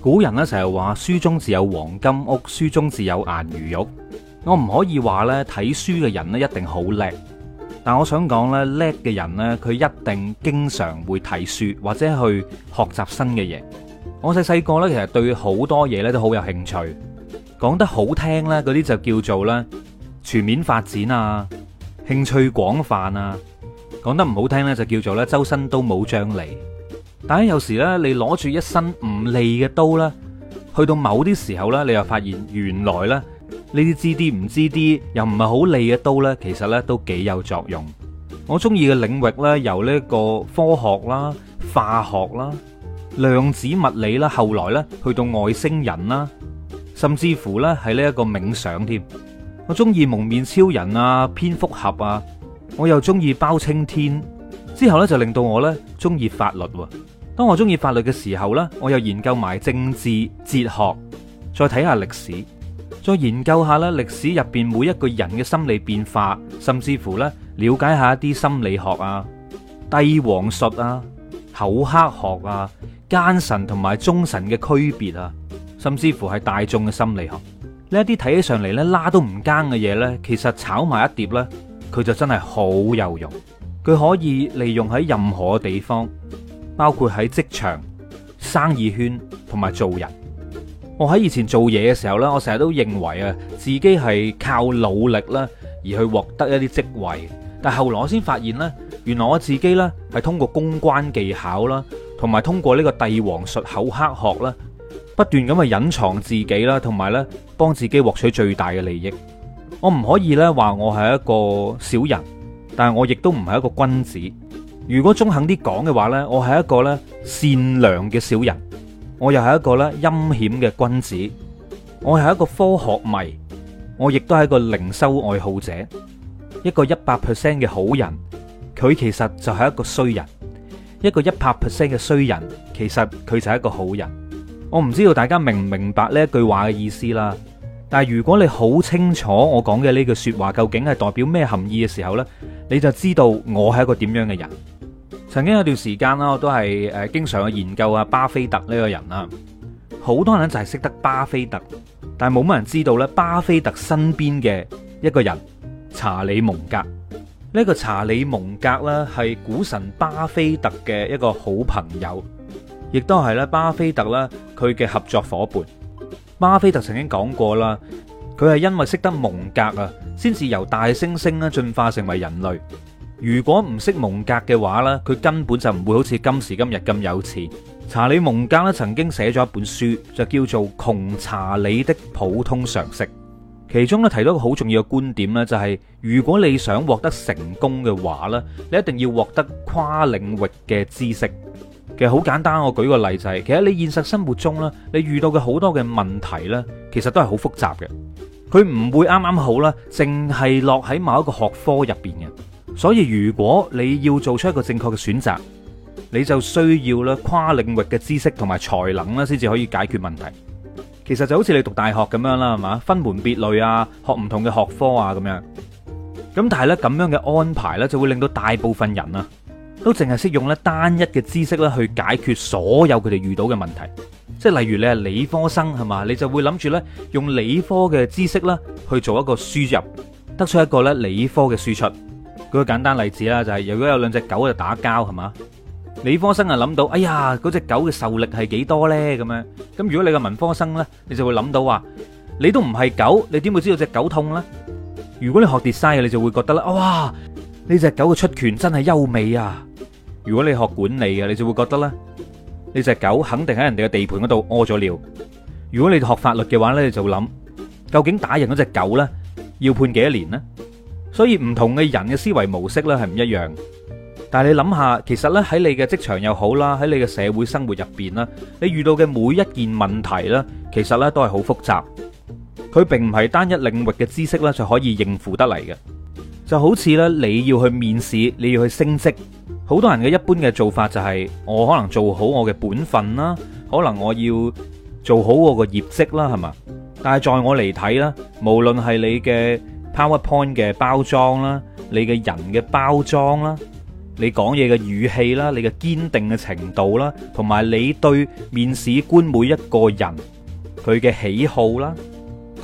古人咧成日話，書中自有黃金屋，書中自有顏如玉。我唔可以話咧睇書嘅人咧一定好叻，但我想講咧叻嘅人咧，佢一定經常會睇書或者去學習新嘅嘢。我細細個咧，其實對好多嘢咧都好有興趣。講得好聽咧，嗰啲就叫做咧全面發展啊，興趣廣泛啊。講得唔好聽呢，就叫做咧周身都冇張利。但係有時咧，你攞住一身唔利嘅刀咧，去到某啲時候咧，你又發現原來咧呢啲知啲唔知啲，又唔係好利嘅刀咧，其實咧都幾有作用。我中意嘅領域咧，由呢一個科學啦、化學啦、量子物理啦，後來咧去到外星人啦，甚至乎咧係呢一個冥想添。我中意蒙面超人啊、蝙蝠俠啊，我又中意包青天。之後咧就令到我呢中意法律。當我中意法律嘅時候呢，我又研究埋政治、哲學，再睇下歷史，再研究下咧歷史入邊每一個人嘅心理變化，甚至乎呢，了解下一啲心理學啊、帝王術啊、厚黑學啊、奸臣同埋忠臣嘅區別啊，甚至乎係大眾嘅心理學呢一啲睇起上嚟呢，拉都唔奸嘅嘢呢，其實炒埋一碟呢，佢就真係好有用。佢可以利用喺任何地方，包括喺職場、生意圈，同埋做人。我喺以前做嘢嘅時候咧，我成日都認為啊，自己係靠努力啦，而去獲得一啲職位。但後來我先發現咧，原來我自己咧係通過公關技巧啦，同埋通過呢個帝王術、厚黑學啦，不斷咁去隱藏自己啦，同埋咧幫自己獲取最大嘅利益。我唔可以咧話我係一個小人。但係我亦都唔係一個君子。如果中肯啲講嘅話呢，我係一個咧善良嘅小人，我又係一個咧陰險嘅君子，我係一個科學迷，我亦都係一個靈修愛好者，一個一百 percent 嘅好人。佢其實就係一個衰人，一個一百 percent 嘅衰人，其實佢就係一個好人。我唔知道大家明唔明白呢句話嘅意思啦。但係如果你好清楚我講嘅呢句說話究竟係代表咩含義嘅時候呢，你就知道我係一個點樣嘅人。曾經有段時間啦，我都係誒經常去研究阿巴菲特呢個人啦。好多人就係識得巴菲特，但係冇乜人知道咧巴菲特身邊嘅一個人查理蒙格。呢個查理蒙格咧係股神巴菲特嘅一個好朋友，亦都係咧巴菲特咧佢嘅合作夥伴。巴菲特曾經講過啦，佢係因為識得蒙格啊，先至由大猩猩呢進化成為人類。如果唔識蒙格嘅話呢，佢根本就唔會好似今時今日咁有錢。查理蒙格呢，曾經寫咗一本書，就叫做《窮查理的普通常識》，其中呢，提到一個好重要嘅觀點呢、就係，就係如果你想獲得成功嘅話呢，你一定要獲得跨領域嘅知識。其實好簡單，我舉個例子就係、是，其實你現實生活中咧，你遇到嘅好多嘅問題呢，其實都係好複雜嘅，佢唔會啱啱好啦，淨係落喺某一個學科入邊嘅。所以如果你要做出一個正確嘅選擇，你就需要咧跨領域嘅知識同埋才能咧，先至可以解決問題。其實就好似你讀大學咁樣啦，係嘛，分門別類啊，學唔同嘅學科啊，咁樣。咁但係呢，咁樣嘅安排呢，就會令到大部分人啊。都淨係識用咧單一嘅知識咧去解決所有佢哋遇到嘅問題，即係例如你係理科生係嘛，你就會諗住咧用理科嘅知識咧去做一個輸入，得出一個咧理科嘅輸出。舉個簡單例子啦，就係如果有兩隻狗喺度打交係嘛，理科生啊諗到，哎呀，嗰隻狗嘅受力係幾多咧咁樣？咁如果你係文科生咧，你就會諗到話，你都唔係狗，你點會知道隻狗痛咧？如果你學 design，你就會覺得咧，哇，呢隻狗嘅出拳真係優美啊！如果你學管理嘅，你就會覺得咧，你隻狗肯定喺人哋嘅地盤嗰度屙咗尿。如果你學法律嘅話咧，你就諗究竟打人嗰隻狗咧要判幾多年咧？所以唔同嘅人嘅思維模式咧係唔一樣。但係你諗下，其實咧喺你嘅職場又好啦，喺你嘅社會生活入邊啦，你遇到嘅每一件問題咧，其實咧都係好複雜。佢並唔係單一領域嘅知識咧就可以應付得嚟嘅。就好似咧你要去面試，你要去升職。好多人嘅一般嘅做法就係，我可能做好我嘅本分啦，可能我要做好我個業績啦，係嘛？但係在我嚟睇啦，無論係你嘅 PowerPoint 嘅包裝啦，你嘅人嘅包裝啦，你講嘢嘅語氣啦，你嘅堅定嘅程度啦，同埋你對面試官每一個人佢嘅喜好啦，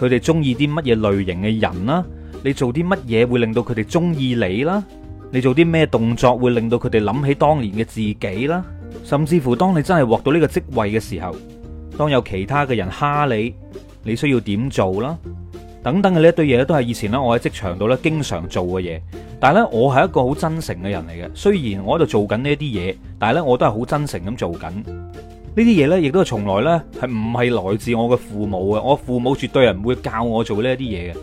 佢哋中意啲乜嘢類型嘅人啦，你做啲乜嘢會令到佢哋中意你啦？你做啲咩動作會令到佢哋諗起當年嘅自己啦？甚至乎當你真係獲到呢個職位嘅時候，當有其他嘅人蝦你，你需要點做啦？等等嘅呢一堆嘢都係以前咧我喺職場度咧經常做嘅嘢。但係咧我係一個好真誠嘅人嚟嘅。雖然我喺度做緊呢一啲嘢，但係咧我都係好真誠咁做緊呢啲嘢咧，亦都從來咧係唔係來自我嘅父母嘅。我父母絕對係唔會教我做呢一啲嘢嘅。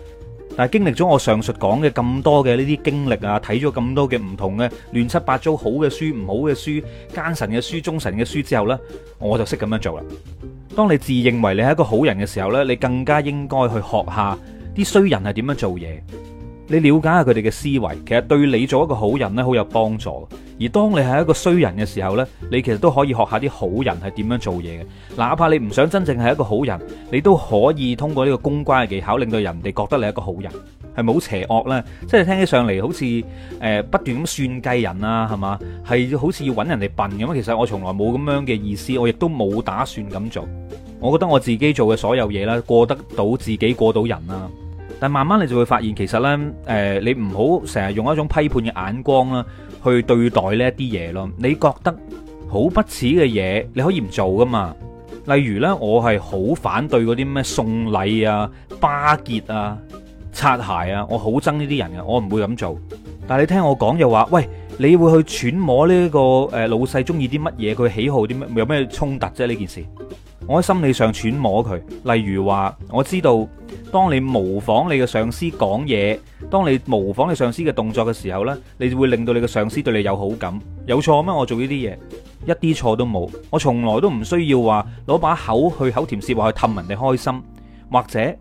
但係經歷咗我上述講嘅咁多嘅呢啲經歷啊，睇咗咁多嘅唔同嘅亂七八糟好嘅書、唔好嘅書、奸臣嘅書、忠臣嘅書之後呢，我就識咁樣做啦。當你自認為你係一個好人嘅時候呢，你更加應該去學下啲衰人係點樣做嘢。你了解下佢哋嘅思維，其實對你做一個好人咧，好有幫助。而當你係一個衰人嘅時候咧，你其實都可以學下啲好人係點樣做嘢嘅。哪怕你唔想真正係一個好人，你都可以通過呢個公關嘅技巧，令到人哋覺得你係一個好人，係咪好邪惡咧？即係聽起上嚟好似誒不斷咁算計人啊，係嘛，係好似要揾人哋笨咁樣。其實我從來冇咁樣嘅意思，我亦都冇打算咁做。我覺得我自己做嘅所有嘢啦，過得到自己，過到人啊。但慢慢你就會發現，其實呢，誒、呃，你唔好成日用一種批判嘅眼光啦，去對待呢一啲嘢咯。你覺得好不齒嘅嘢，你可以唔做噶嘛。例如呢，我係好反對嗰啲咩送禮啊、巴結啊、擦鞋啊，我好憎呢啲人啊，我唔會咁做。但係你聽我講又話，喂，你會去揣摩呢個誒老細中意啲乜嘢，佢喜好啲乜，有咩衝突啫？呢件事，我喺心理上揣摩佢，例如話，我知道。當你模仿你嘅上司講嘢，當你模仿你上司嘅動作嘅時候呢，你就會令到你嘅上司對你有好感。有錯咩？我做呢啲嘢，一啲錯都冇。我從來都唔需要話攞把口去口甜舌滑去氹人哋開心，或者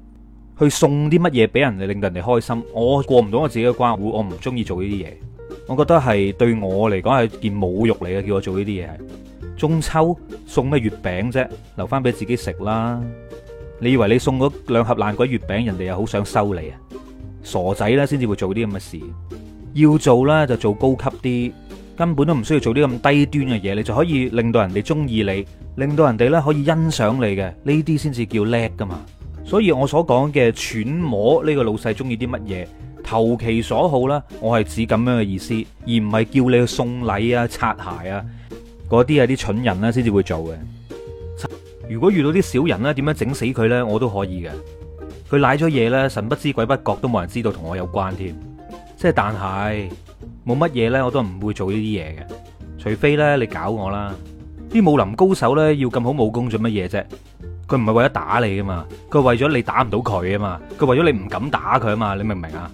去送啲乜嘢俾人哋令到人哋開心。我過唔到我自己嘅關，我唔中意做呢啲嘢。我覺得係對我嚟講係件侮辱嚟嘅，叫我做呢啲嘢。係中秋送咩月餅啫？留翻俾自己食啦。你以為你送咗兩盒爛鬼月餅，人哋又好想收你啊？傻仔咧，先至會做啲咁嘅事。要做咧，就做高級啲，根本都唔需要做啲咁低端嘅嘢。你就可以令到人哋中意你，令到人哋咧可以欣賞你嘅，呢啲先至叫叻噶嘛。所以我所講嘅揣摩呢個老細中意啲乜嘢，投其所好啦，我係指咁樣嘅意思，而唔係叫你去送禮啊、擦鞋啊嗰啲啊，啲蠢人咧，先至會做嘅。如果遇到啲小人咧，點樣整死佢呢？我都可以嘅。佢瀨咗嘢咧，神不知鬼不覺都冇人知道同我有關添。即係但係冇乜嘢呢，我都唔會做呢啲嘢嘅。除非呢，你搞我啦。啲武林高手呢，要咁好武功做乜嘢啫？佢唔係為咗打你噶嘛，佢為咗你打唔到佢啊嘛，佢為咗你唔敢打佢啊嘛。你明唔明啊？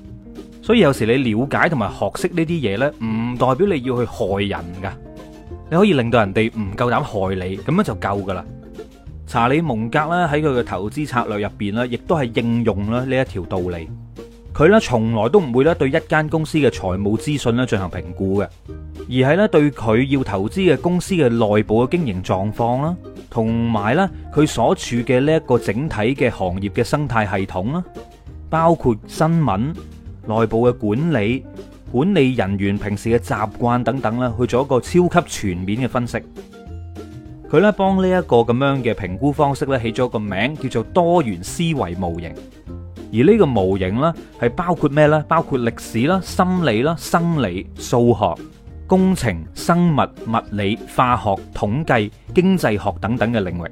所以有時你了解同埋學識呢啲嘢呢，唔代表你要去害人噶。你可以令到人哋唔夠膽害你，咁樣就夠噶啦。查理蒙格咧，喺佢嘅投資策略入邊咧，亦都係應用啦呢一條道理。佢咧從來都唔會咧對一間公司嘅財務資訊咧進行評估嘅，而係咧對佢要投資嘅公司嘅內部嘅經營狀況啦，同埋咧佢所處嘅呢一個整體嘅行業嘅生態系統啦，包括新聞、內部嘅管理、管理人員平時嘅習慣等等啦，去做一個超級全面嘅分析。佢咧幫呢一個咁樣嘅評估方式咧起咗個名叫做多元思維模型，而呢個模型咧係包括咩呢？包括歷史啦、心理啦、生理、數學、工程、生物、物理、化學、統計、經濟學等等嘅領域。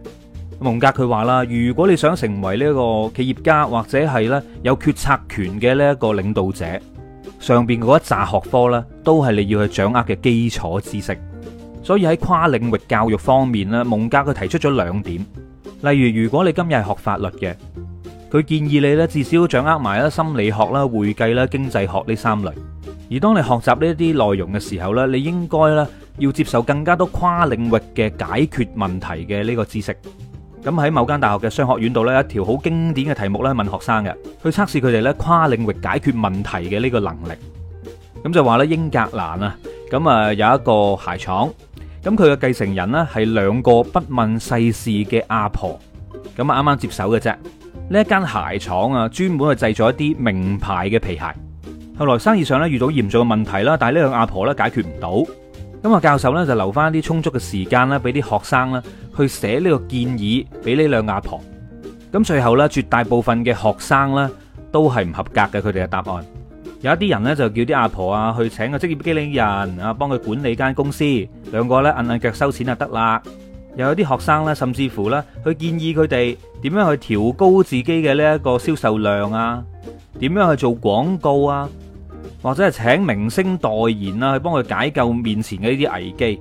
蒙格佢話啦，如果你想成為呢一個企業家或者係咧有決策權嘅呢一個領導者，上邊嗰一扎學科咧都係你要去掌握嘅基礎知識。所以喺跨領域教育方面咧，芒格佢提出咗兩點，例如如果你今日係學法律嘅，佢建議你咧至少掌握埋啦心理學啦、會計啦、經濟學呢三類。而當你學習呢一啲內容嘅時候咧，你應該咧要接受更加多跨領域嘅解決問題嘅呢個知識。咁喺某間大學嘅商學院度咧，一條好經典嘅題目咧問學生嘅，去測試佢哋咧跨領域解決問題嘅呢個能力。咁就話咧英格蘭啊，咁啊有一個鞋廠。咁佢嘅繼承人呢係兩個不問世事嘅阿婆，咁啊啱啱接手嘅啫。呢一間鞋廠啊，專門去製造一啲名牌嘅皮鞋。後來生意上咧遇到嚴重嘅問題啦，但係呢兩個阿婆咧解決唔到。咁啊教授咧就留翻啲充足嘅時間咧，俾啲學生咧去寫呢個建議俾呢兩個阿婆。咁最後咧，絕大部分嘅學生咧都係唔合格嘅，佢哋嘅答案。有一啲人咧就叫啲阿婆啊去請個職業經理人啊幫佢管理間公司，兩個咧摁摁腳收錢就得啦。又有啲學生咧，甚至乎咧去建議佢哋點樣去調高自己嘅呢一個銷售量啊，點樣去做廣告啊，或者係請明星代言啊，去幫佢解救面前嘅呢啲危機。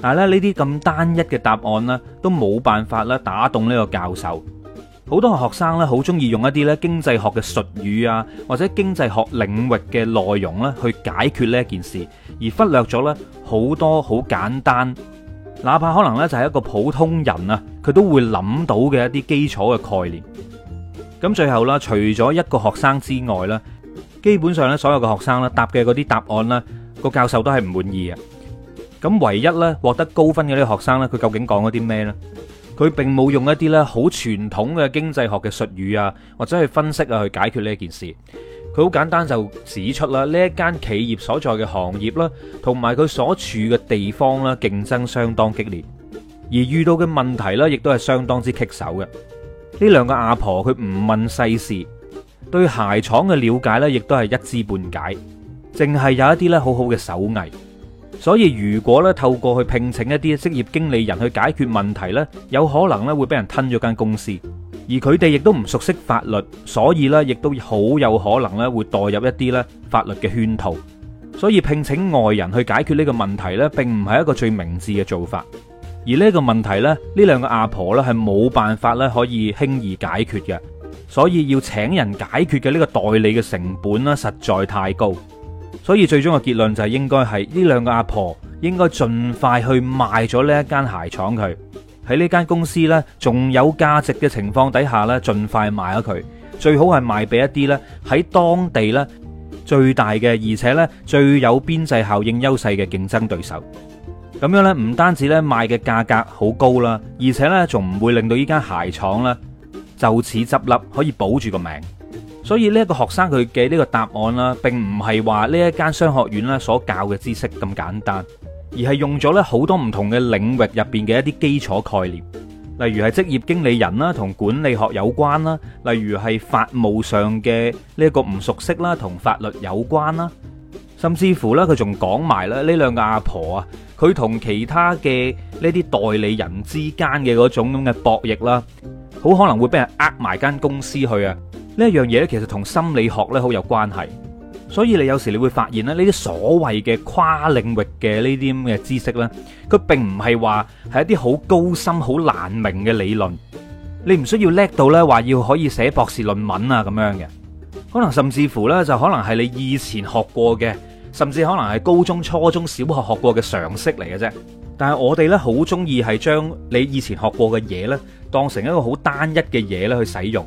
但係咧呢啲咁單一嘅答案咧，都冇辦法咧打動呢個教授。好多學生咧，好中意用一啲咧經濟學嘅術語啊，或者經濟學領域嘅內容咧，去解決呢一件事，而忽略咗咧好多好簡單，哪怕可能咧就係一個普通人啊，佢都會諗到嘅一啲基礎嘅概念。咁最後啦，除咗一個學生之外啦，基本上咧所有嘅學生咧答嘅嗰啲答案咧，個教授都係唔滿意嘅。咁唯一咧獲得高分嘅呢啲學生咧，佢究竟講咗啲咩呢？佢並冇用一啲咧好傳統嘅經濟學嘅術語啊，或者去分析啊，去解決呢件事。佢好簡單就指出啦，呢一間企業所在嘅行業啦，同埋佢所處嘅地方啦，競爭相當激烈，而遇到嘅問題咧，亦都係相當之棘手嘅。呢兩個阿婆佢唔問世事，對鞋廠嘅了解呢，亦都係一知半解，淨係有一啲咧好好嘅手藝。所以如果呢透過去聘請一啲職業經理人去解決問題呢，有可能呢會俾人吞咗間公司，而佢哋亦都唔熟悉法律，所以呢亦都好有可能呢會墮入一啲呢法律嘅圈套。所以聘請外人去解決呢個問題呢，並唔係一個最明智嘅做法。而呢個問題呢，呢兩個阿婆呢係冇辦法呢可以輕易解決嘅，所以要請人解決嘅呢個代理嘅成本呢，實在太高。所以最終嘅結論就係應該係呢兩個阿婆應該盡快去賣咗呢一間鞋廠。佢喺呢間公司呢，仲有價值嘅情況底下呢，盡快賣咗佢，最好係賣俾一啲呢喺當地呢最大嘅而且呢最有邊際效應優勢嘅競爭對手，咁樣呢，唔單止呢賣嘅價格好高啦，而且呢仲唔會令到呢間鞋廠呢就此執笠，可以保住個名。所以呢個學生佢嘅呢個答案啦，並唔係話呢一間商學院啦所教嘅知識咁簡單，而係用咗咧好多唔同嘅領域入邊嘅一啲基礎概念，例如係職業經理人啦同管理學有關啦，例如係法務上嘅呢個唔熟悉啦同法律有關啦，甚至乎呢佢仲講埋咧呢兩個阿婆啊，佢同其他嘅呢啲代理人之間嘅嗰種咁嘅博弈啦，好可能會俾人呃埋間公司去啊！呢一樣嘢咧，其實同心理學咧好有關係，所以你有時你會發現咧，呢啲所謂嘅跨領域嘅呢啲咁嘅知識呢，佢並唔係話係一啲好高深、好難明嘅理論，你唔需要叻到咧話要可以寫博士論文啊咁樣嘅，可能甚至乎呢，就可能係你以前學過嘅，甚至可能係高中、初中、小學學過嘅常識嚟嘅啫。但係我哋呢，好鍾意係將你以前學過嘅嘢呢，當成一個好單一嘅嘢呢去使用。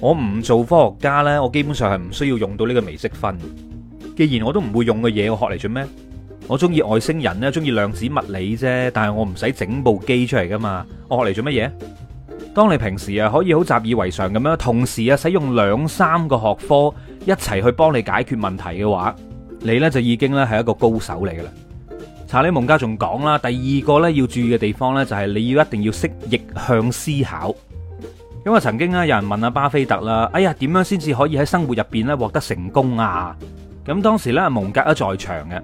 我唔做科學家呢，我基本上係唔需要用到呢個微積分。既然我都唔會用嘅嘢，我學嚟做咩？我中意外星人呢，中意量子物理啫，但係我唔使整部機出嚟噶嘛。我學嚟做乜嘢？當你平時啊可以好習以為常咁樣，同時啊使用兩三個學科一齊去幫你解決問題嘅話，你呢就已經咧係一個高手嚟噶啦。查理蒙家仲講啦，第二個咧要注意嘅地方呢，就係你要一定要識逆向思考。因為曾經咧有人問阿巴菲特啦，哎呀點樣先至可以喺生活入邊咧獲得成功啊？咁當時咧阿蒙格都在場嘅，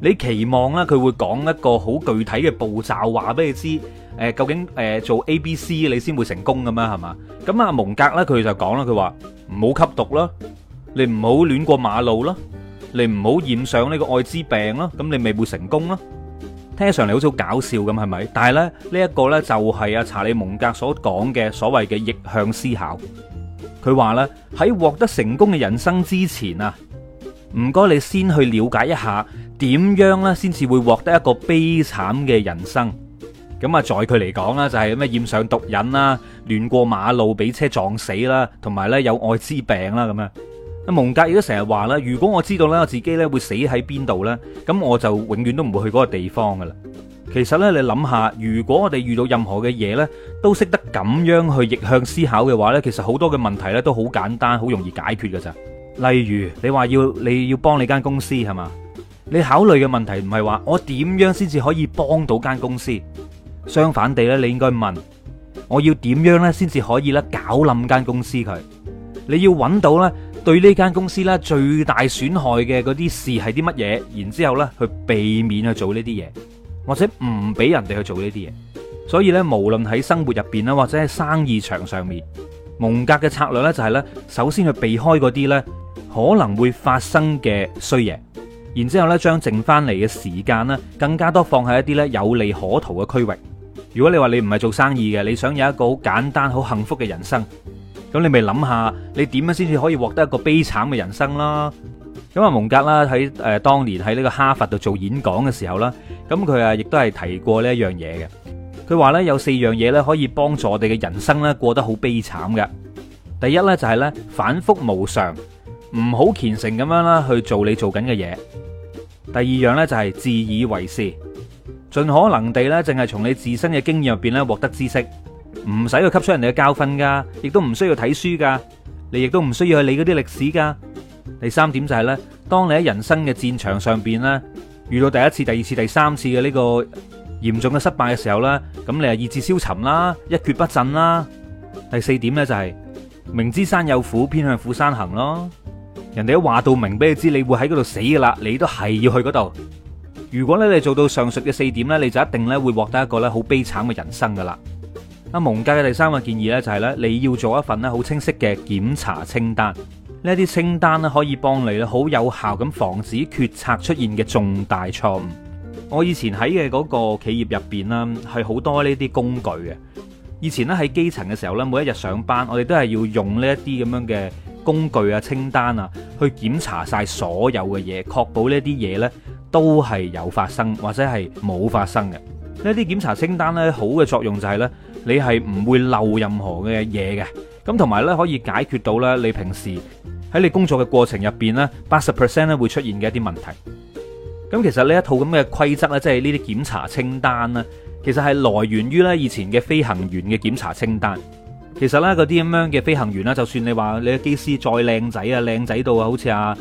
你期望咧佢會講一個好具體嘅步驟，話俾你知誒究竟誒做 A、B、C 你先會成功㗎咩？係嘛？咁阿蒙格咧佢就講啦，佢話唔好吸毒囉，你唔好亂過馬路囉，你唔好染上呢個艾滋病囉，咁你咪會成功囉。聽起上嚟，好似好搞笑咁，係咪？但係咧呢一個呢，就係阿查理蒙格所講嘅所謂嘅逆向思考。佢話呢，喺獲得成功嘅人生之前啊，唔該你先去了解一下點樣呢先至會獲得一個悲慘嘅人生。咁啊，在佢嚟講咧就係咩染上毒癮啦、亂過馬路俾車撞死啦、同埋呢有艾滋病啦咁啊。蒙格亦都成日話啦，如果我知道咧，我自己咧會死喺邊度呢？咁我就永遠都唔會去嗰個地方噶啦。其實呢，你諗下，如果我哋遇到任何嘅嘢呢，都識得咁樣去逆向思考嘅話呢，其實好多嘅問題呢都好簡單，好容易解決噶咋。例如你話要你要幫你間公司係嘛？你考慮嘅問題唔係話我點樣先至可以幫到間公司？相反地呢，你應該問我要點樣呢先至可以咧搞冧間公司佢？你要揾到呢。對呢間公司啦，最大損害嘅嗰啲事係啲乜嘢？然之後咧，去避免去做呢啲嘢，或者唔俾人哋去做呢啲嘢。所以呢，無論喺生活入邊啦，或者喺生意場上面，蒙格嘅策略呢就係咧，首先去避開嗰啲咧可能會發生嘅衰嘢，然之後咧將剩翻嚟嘅時間咧，更加多放喺一啲咧有利可圖嘅區域。如果你話你唔係做生意嘅，你想有一個好簡單、好幸福嘅人生。咁你咪諗下，你點樣先至可以獲得一個悲慘嘅人生啦？咁、嗯、啊，蒙格啦喺誒當年喺呢個哈佛度做演講嘅時候啦，咁佢啊亦都係提過呢一樣嘢嘅。佢話呢，有四樣嘢呢可以幫助我哋嘅人生呢過得好悲慘嘅。第一呢，就係呢，反覆無常，唔好虔誠咁樣啦去做你做緊嘅嘢。第二樣呢，就係、是、自以為是，盡可能地呢，淨係從你自身嘅經驗入邊呢獲得知識。唔使去吸取人哋嘅教訓噶，亦都唔需要睇書噶，你亦都唔需要去理嗰啲歷史噶。第三點就係咧，當你喺人生嘅戰場上邊咧，遇到第一次、第二次、第三次嘅呢個嚴重嘅失敗嘅時候咧，咁你係意志消沉啦，一蹶不振啦。第四點咧就係明知山有虎，偏向虎山行咯。人哋都話到明，俾你知你會喺嗰度死噶啦，你都係要去嗰度。如果咧你做到上述嘅四點咧，你就一定咧會獲得一個咧好悲慘嘅人生噶啦。阿蒙介嘅第三個建議呢，就係咧，你要做一份咧好清晰嘅檢查清單。呢啲清單咧，可以幫你咧好有效咁防止決策出現嘅重大錯誤。我以前喺嘅嗰個企業入邊啦，係好多呢啲工具嘅。以前咧喺基層嘅時候呢，每一日上班，我哋都係要用呢一啲咁樣嘅工具啊、清單啊，去檢查晒所有嘅嘢，確保呢啲嘢呢都係有發生或者係冇發生嘅。呢啲檢查清單呢，好嘅作用就係呢。你係唔會漏任何嘅嘢嘅，咁同埋呢，可以解決到呢。你平時喺你工作嘅過程入邊呢八十 percent 咧會出現嘅一啲問題。咁其實呢一套咁嘅規則呢即係呢啲檢查清單呢其實係來源於呢以前嘅飛行員嘅檢查清單。其實呢，嗰啲咁樣嘅飛行員啦，就算你話你嘅機師再靚仔啊，靚仔到啊，好似阿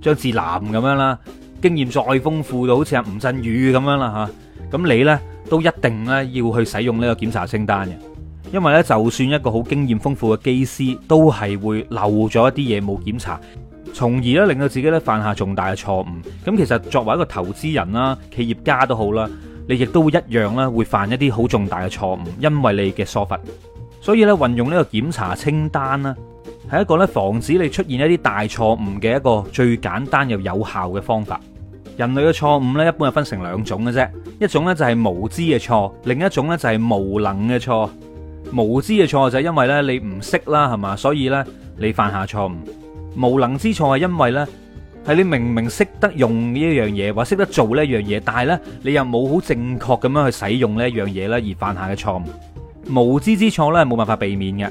張智霖咁樣啦，經驗再豐富到好似阿吳振宇咁樣啦吓咁你呢？都一定咧要去使用呢個檢查清單嘅，因為咧就算一個好經驗豐富嘅機師，都係會漏咗一啲嘢冇檢查，從而咧令到自己咧犯下重大嘅錯誤。咁其實作為一個投資人啦、企業家都好啦，你亦都會一樣咧會犯一啲好重大嘅錯誤，因為你嘅疏忽。所以咧運用呢個檢查清單咧，係一個咧防止你出現一啲大錯誤嘅一個最簡單又有效嘅方法。人類嘅錯誤咧，一般係分成兩種嘅啫，一種咧就係無知嘅錯，另一種咧就係無能嘅錯。無知嘅錯就係因為咧你唔識啦，係嘛，所以咧你犯下錯誤。無能之錯係因為咧係你明明識得用呢一樣嘢，或識得做呢一樣嘢，但係咧你又冇好正確咁樣去使用呢一樣嘢咧，而犯下嘅錯誤。無知之錯咧冇辦法避免嘅，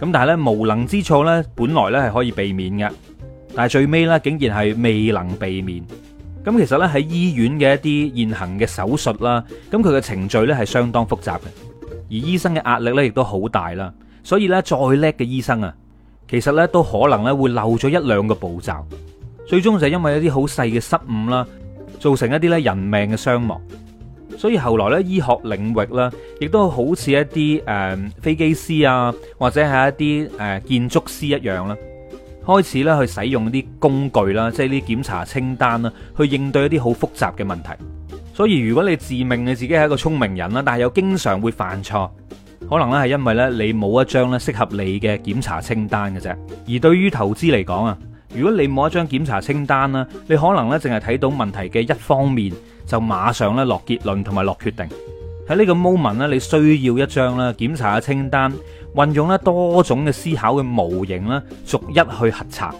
咁但係咧無能之錯咧本來咧係可以避免嘅，但係最尾咧竟然係未能避免。咁其實咧喺醫院嘅一啲現行嘅手術啦，咁佢嘅程序咧係相當複雜嘅，而醫生嘅壓力咧亦都好大啦，所以咧再叻嘅醫生啊，其實咧都可能咧會漏咗一兩個步驟，最終就係因為一啲好細嘅失誤啦，造成一啲咧人命嘅傷亡，所以後來咧醫學領域咧亦都好似一啲誒、呃、飛機師啊，或者係一啲誒、呃、建築師一樣啦。開始咧去使用啲工具啦，即係啲檢查清單啦，去應對一啲好複雜嘅問題。所以如果你自命你自己係一個聰明人啦，但係又經常會犯錯，可能咧係因為咧你冇一張咧適合你嘅檢查清單嘅啫。而對於投資嚟講啊，如果你冇一張檢查清單啦，你可能咧淨係睇到問題嘅一方面，就馬上咧落結論同埋落決定。喺呢個 moment 咧，你需要一張啦檢查嘅清單。運用咧多種嘅思考嘅模型啦，逐一去核查，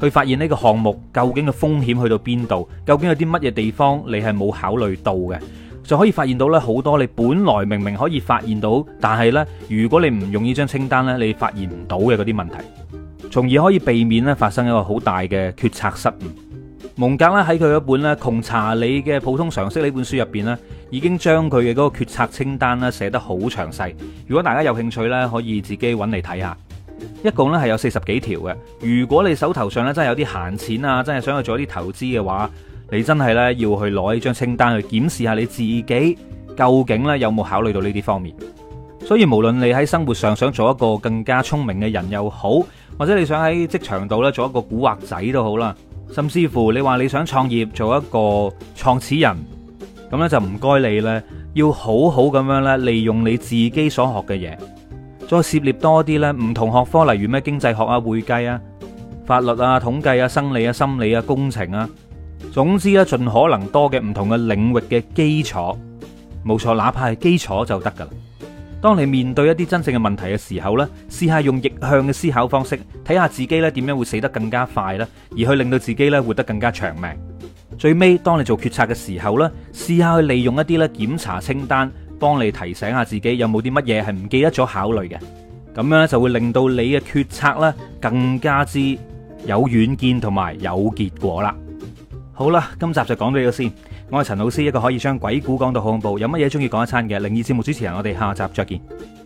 去發現呢個項目究竟嘅風險去到邊度，究竟有啲乜嘢地方你係冇考慮到嘅，就可以發現到咧好多你本來明明可以發現到，但係咧如果你唔用呢張清單咧，你發現唔到嘅嗰啲問題，從而可以避免咧發生一個好大嘅決策失誤。蒙格咧喺佢嗰本咧《窮查理嘅普通常識》呢本書入邊咧，已經將佢嘅嗰個決策清單咧寫得好詳細。如果大家有興趣咧，可以自己揾嚟睇下。一共咧係有四十幾條嘅。如果你手頭上咧真係有啲閒錢啊，真係想去做啲投資嘅話，你真係咧要去攞呢張清單去檢視下你自己究竟咧有冇考慮到呢啲方面。所以無論你喺生活上想做一個更加聰明嘅人又好，或者你想喺職場度咧做一個古惑仔都好啦。甚至乎你話你想創業做一個創始人，咁咧就唔該你呢，要好好咁樣呢，利用你自己所學嘅嘢，再涉獵多啲呢，唔同學科，例如咩經濟學啊、會計啊、法律啊、統計啊、生理啊、心理啊、工程啊，總之呢，盡可能多嘅唔同嘅領域嘅基礎，冇錯，哪怕係基礎就得噶啦。當你面對一啲真正嘅問題嘅時候呢，試下用逆向嘅思考方式，睇下自己呢點樣會死得更加快呢，而去令到自己呢活得更加長命。最尾，當你做決策嘅時候呢，試下去利用一啲咧檢查清單，幫你提醒下自己有冇啲乜嘢係唔記得咗考慮嘅，咁樣呢，就會令到你嘅決策呢更加之有遠見同埋有結果啦。好啦，今集就講到呢度先。我係陳老師，一個可以將鬼故講到好恐怖，有乜嘢中意講一餐嘅靈異節目主持人，我哋下集再見。